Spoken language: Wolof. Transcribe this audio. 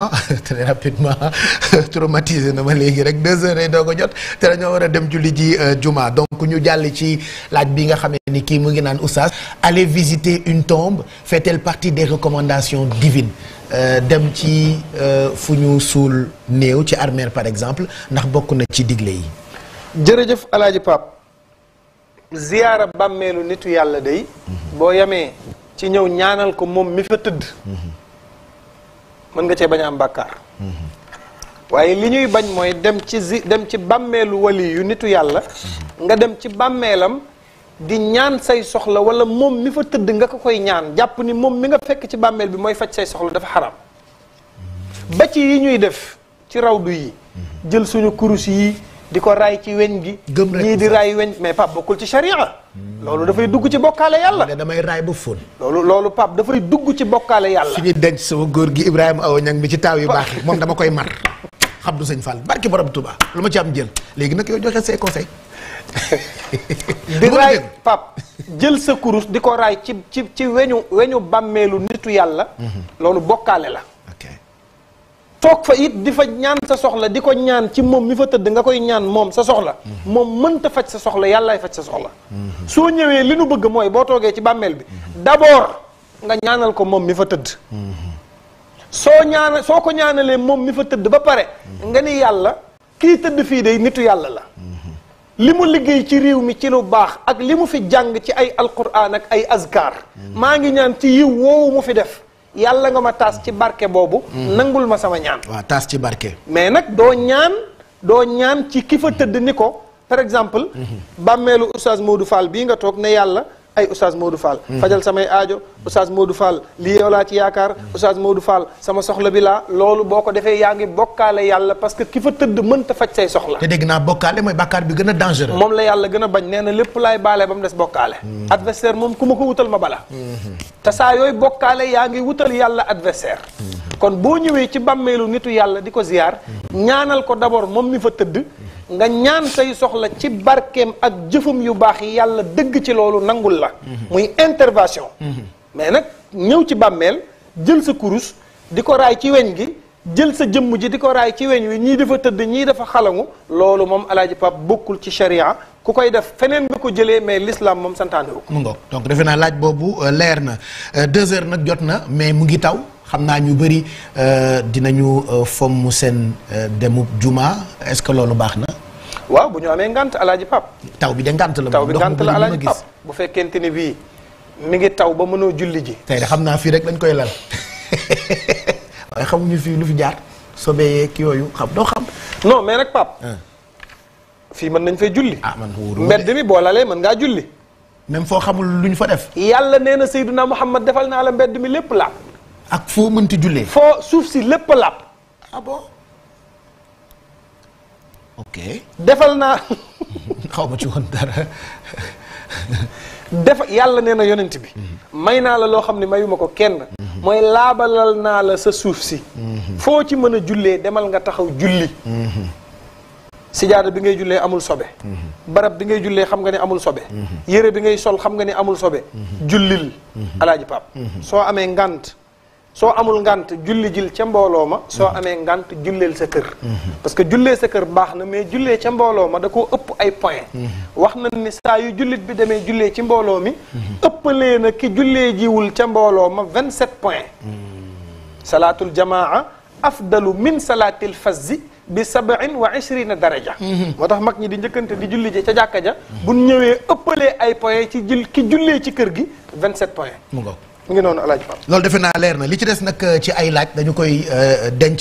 Ah, très rapidement traumatisé na ma léegi rek deux heures et doo ko jot te dañoo war a dem julli ji euh, juma donc ñu jàll ci laaj bi nga xam ni kii mu ngi naan oustaz aller visiter une tombe fait-elle partie des recommandations divines euh, dem ci euh, fu ñu suul néew ci armeel par exemple ndax bokk na ci digle yi jërëjëf alaaji Pape ziyaara bàmmeelu nitu yàlla day mhm. boo yamee ci ñëw ñaanal ko moom mi fa tëdd mhm. mën nga cee bañ am bàkkaar waaye li ñuy bañ mooy dem ci zi dem ci bàmmeelu wali yu nitu yàlla nga dem ci bàmmeelam di ñaan say soxla wala moom mi fa tëdd nga ko koy ñaan jàpp ni moom mi nga fekk ci bàmmeel bi mooy faj say soxla dafa xaram ba ci yi ñuy def ci rawdu yi jël suñu kurus yi di ko raay ci weñ gi. gëm rek ñii di raay weñ mais Pape bokkul ci sharia. loolu dafay dugg ci bokkaale yàlla. mais damay raay ba fóon. loolu loolu Pape dafay dugg ci bokkaale yàlla. suñuy denc sama góor gi Ibrahima Awa Niang mi ci taaw yu baax moom dama koy mar. xam du sëñ Fall barki borom tubaa lu ma ci am jël léegi nag yow joxe say conseil. di raay Pape jël sa kurus di ko raay ci ci ci weñu weñu bàmmeelu nitu yàlla. Mhm. loolu bokkaale la. toog fa it di fa ñaan sa soxla di ko ñaan ci moom mi fa tëdd nga koy ñaan moom sa soxla mhm. moom mënta faj sa soxla yàllaay faj sa soxla mhm. soo ñëwee li nu bëgg mooy boo toogee ci bàmmeel bi mhm. d'abord nga ñaanal ko moom mi fa tëdd soo ñaana soo ko ñaanalee moom mi fa tëdd ba pare nga ni yàlla kii tëdd fii day nitu yàlla la li mu liggéey ci réew mi ci lu baax ak li mu fi jàng ci ay alquran ak ay azkar maa ngi ñaan ci yiw woowu mu fi def yàlla nga ma taas ci barke boobu. Mhm. nangul ma sama ñaan. waaw taas ci barke. mais nag doo ñaan doo ñaan ci ki fa tëdd ni ko par exemple. Mhm. bàmmeelu oustaz Modou Fall bii nga toog ne yàlla. ay oustaz Modou Fall mhm. fajal samay aajo oustaz Modou Fall lii yow laa ci yaakaar mhm. oustaz Modou Fall sama soxla bi laa loolu boo ko defee yaa ngi bokkaale yàlla parce que ki fa tëdd mënta faj say soxla te dégg naa bokkaale mooy bàkkaar bi gën a dangereux moom la yàlla gën a bañ nee na lépp laay baale ba mu des bokkaale mhm. adversaire moom ku ma ko wutal ma bala te saa yooyu bokkaale yaa ngi wutal yàlla adversaire kon boo ñëwee ci bàmmeelu nitu yàlla di ko ziyaar ñaanal ko d'abord moom mi fa tëdd nga ñaan say soxla ci barkeem ak jëfum yu baax yi yàlla dëgg ci loolu nangul la mhm. muy intervention mhm. mais nag ñëw ci bàmmeel jël sa kurus di ko raay ci weñ gi jël sa jëmm ji di ko raay ci weñ wi ñii dafa tëdd ñii dafa xalangu loolu moom alaaji pap bokkul ci sharia ku koy def feneen nga ko jëlee mais lislaam moom santaane wu mu donc defe naa laaj boobu euh, leer na euh, deux heures nag jot na mais mu ngi taw xam naa ñu bëri euh, dinañu fomm seen demu jumaa est-ce que loolu baax na waaw bu ñu amee ngant alaaji pap taw bi de ngant la taw bi ngant la alaaji pap bu fekkente ni bii mi ngi taw ba mënoo julli ji tey xam naa fii rek lañ koy lal waaye xamuñu fii lu fi jaar sobeyee ki yooyu xam doo xam non mais nag pap ah. fii mën nañ fay julli ah, man wóoru mbedd mi boo lalee mën ngaa julli même foo xamul lu ñu fa def yàlla nee na Seydina Muhammad defal naa la mbedd mi lépp laab ak foo mënti jullee foo suuf si lépp laab ah ok defal naa xaw ma ci woon dara. def yàlla nee na yonent bi. Mhm. may naa la loo xam ne mayuma ko kenn. Mhm. mooy laabalal naa la sa suuf si. Mhm. foo ci mën a jullee demal nga taxaw julli. sijaada bi ngay jullee amul sobe. barab bi ngay jullee xam nga ne amul sobe. yére bi ngay sol xam nga ni amul sobe. jullil. alaaji Paap soo amee ngànt. soo amul ngant julli jil ca mbooloo ma soo amee ngant julleel sa kër parce que jullee sa kër baax na mais jullee ca mbooloo ma da ko ëpp ay point wax na ni saa yu jullit bi demee jullee ci mbooloo mi ëppalee na ki jullee jiwul ca mbooloo ma vingt sept point salaatul jamaa afdalu min salaatil fazi bi sabain wa ishrina daraja moo tax mag ñi di njëkkante di julli ji ca jàkka ja bu ñëwee ëppalee ay point ci jul ki jullee ci kër gi vingt sept point mu ngi loolu defe naa leer na li ci des nag eh, ci ay laaj dañu koy eh, denc